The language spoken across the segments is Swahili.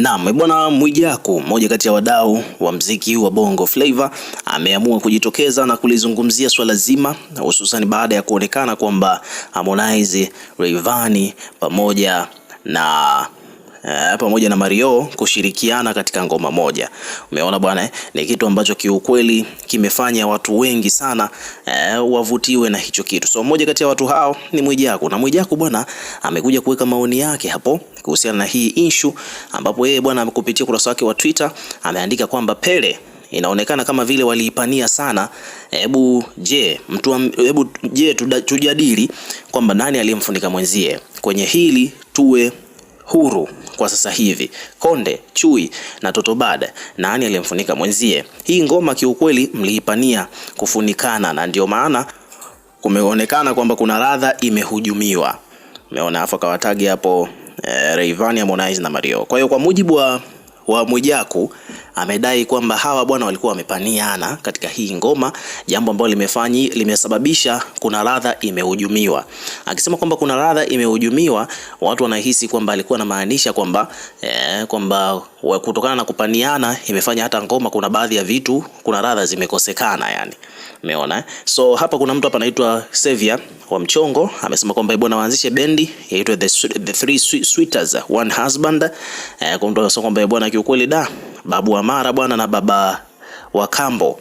Naam, eh, bwana Mwijaku, mmoja kati ya wadau wa mziki wa Bongo Flava, ameamua kujitokeza na kulizungumzia swala zima, hususan baada ya kuonekana kwamba Harmonize, Rayvanny pamoja na uh, pamoja na Mario kushirikiana katika ngoma moja. Umeona bwana eh? Ni kitu ambacho kiukweli kimefanya watu wengi sana uh, wavutiwe na hicho kitu. So mmoja kati ya watu hao ni Mwijaku na Mwijaku bwana amekuja kuweka maoni yake hapo kuhusiana na hii issue, ambapo yeye bwana kupitia ukurasa wake wa Twitter ameandika kwamba Pele inaonekana kama vile waliipania sana. Hebu je, mtu hebu je, tujadili kwamba nani aliyemfunika mwenzie kwenye hili, tuwe huru kwa sasa hivi. Konde, Chui na Toto Bada, nani aliyemfunika mwenzie? Hii ngoma kiukweli mliipania kufunikana, na ndio maana kumeonekana kwamba kuna radha imehujumiwa. Umeona afa kawatagi hapo eh, Rayvanny, Harmonize na Mario. Kwa hiyo kwa mujibu wa, wa Mwijaku amedai kwamba hawa bwana walikuwa wamepaniana katika hii ngoma, jambo ambalo limefanyi limesababisha Kuna ladha imehujumiwa, akisema kwamba Kuna ladha imehujumiwa, watu wanahisi kwamba alikuwa anamaanisha kwamba eh, kwamba kutokana na kupaniana imefanya hata ngoma, kuna baadhi ya vitu Kuna ladha zimekosekana, yani umeona. So hapa kuna mtu hapa anaitwa Sevia wa Mchongo amesema kwamba bwana waanzishe bendi yaitwa the, the Three Sweeters One Husband eh, kwa mtu anasema kwamba bwana kiukweli da babu wa Mara bwana na baba wa Kambo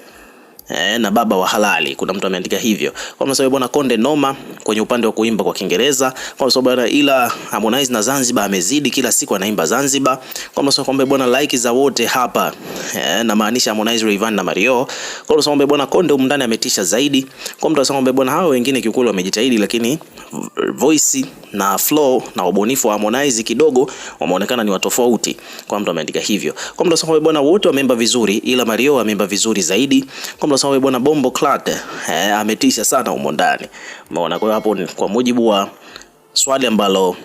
e, na baba wa halali. Kuna mtu ameandika hivyo kwa sababu bwana Konde noma kwenye upande wa kuimba kwa Kiingereza kwa sababu bwana, ila Harmonize na Zanzibar amezidi, kila siku anaimba Zanzibar kwa sababu kwamba bwana like za wote hapa e, na maanisha Harmonize, Rayvanny na Mario. Kwa sababu bwana Konde huko ndani ametisha zaidi, kwa mtu anasema bwana, hao wengine kiukweli wamejitahidi, lakini voice na flow na ubunifu wa Harmonize kidogo wameonekana ni watofauti, kwa mtu ameandika hivyo. Kwa mtu asema bwana, wote wameimba vizuri, ila Mario ameimba vizuri zaidi. Kwa mtu asema bwana, Bombo Clark eh, ametisha sana humo ndani, umeona. Kwa hiyo hapo, kwa mujibu wa swali ambalo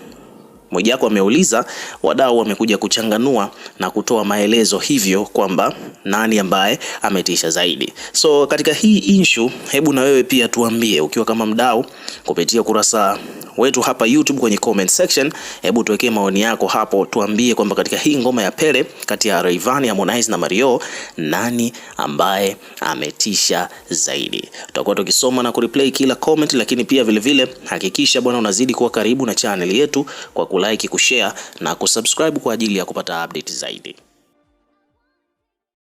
Mwijaku ameuliza, wadau wamekuja kuchanganua na kutoa maelezo hivyo kwamba nani ambaye ametisha zaidi. So katika hii issue, hebu na wewe pia tuambie ukiwa kama mdau kupitia kurasa wetu hapa YouTube kwenye comment section, hebu tuwekee maoni yako hapo, tuambie kwamba katika hii ngoma ya Pele kati ya Rayvanny, Harmonize na Mario, nani ambaye ametisha zaidi? Tutakuwa tukisoma na kureplay kila comment, lakini pia vilevile vile, hakikisha bwana unazidi kuwa karibu na channel yetu kwa kula kulike, kushare na kusubscribe kwa ajili ya kupata update zaidi.